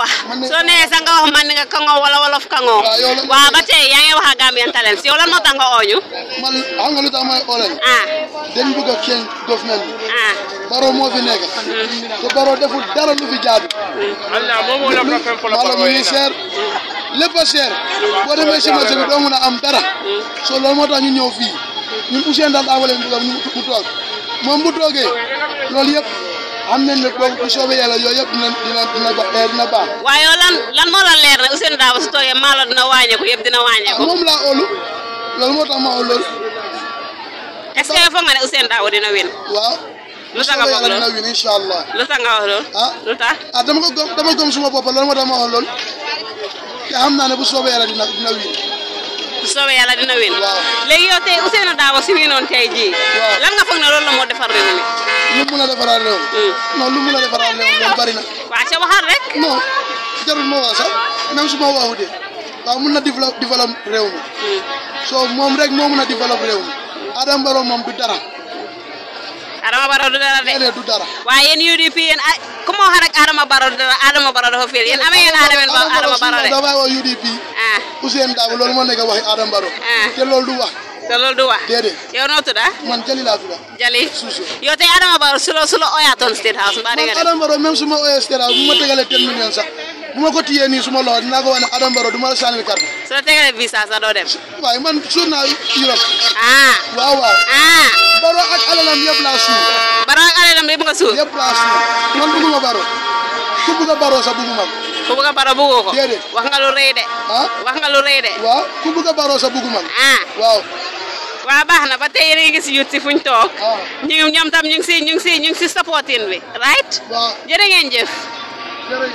waaw soo nee sax nga wax man nga kango wala wolof kango waaw ba tey yaa ngi wax ak Gambian Talents yow lan moo tax nga oo ñu a xam nga lu tax may oo leen ah dañ bëgg a change government bi ah baro moo fi nekk mm-hmm. te baro deful dara lu fi jaadu wala mm-hmm. muy cher lépp a boo demee si marché bi doo mën a am dara mm-hmm. so loolu moo tax ñu ñëw fii ñun Ousainou Darboe lañ bëgg mu toog moom bu toogee loolu yëpp am nañ ne kooku bu soobee yàlla yooyu yëpp dina dina dina ba lan lan moo la leer nag Ousseynou Dabo su toogee maalo dina wàññeeku yëpp dina wàññeeku. moom laa óolu loolu moo tax ma óolu loolu. est-ce nga ne Ousseynou Dabo dina win. waaw. lu tax nga dina win incha lu ah. ah, ko dama gëm suma bopp loolu moo tax naa ne bu soobee yàlla dina dina win. bu soobee yàlla dina win léegi yow tey Ousainou Darboe si wiinoon noon jii lan nga foog ne loolu la moo defar réew mi mun a defaraat réew hmm. non lu mun a defaraat réew moom bari na waa ca waxaat rek non jarul moo waa sax même su ma waxutee waaw mun na développe réew mi hmm. soo moom rek moo mun a développe réew mi Adama moom du dara adama baro iya, dudara de wa yen UDP en ko mo harak adama baro dudara adama baro do fel en amen adama en adama baro de adama wa UDP ah Ousmane Dabo lol mo ne wax adama baro ah. te lol du wax te lol du wax dede yow ya, no tuda man jali la tuda jali yow ya, te adama baro sulo sulo oya ton state house ba de ga adama baro même suma oya state house mo tegale 10 million sax buma ko tiyé ni suma loxo dina ko wone adam baro duma la carte so tegalé visa sa do dem way man journal europe ah waaw yëpp laa suur. Baro ak Alé nga suur. yëpp laa suur man bëgguma Baro ku bëgg a Baro sax bëgguma ko. ku bëgg a Baro bëggoo ko. déedéet ah? a Baro ah. baax na ba tey yéen a ngi gis fu ñu toog. Ah. ñu ñoom tam ñu si ñu si ñu bi right. waaw jërë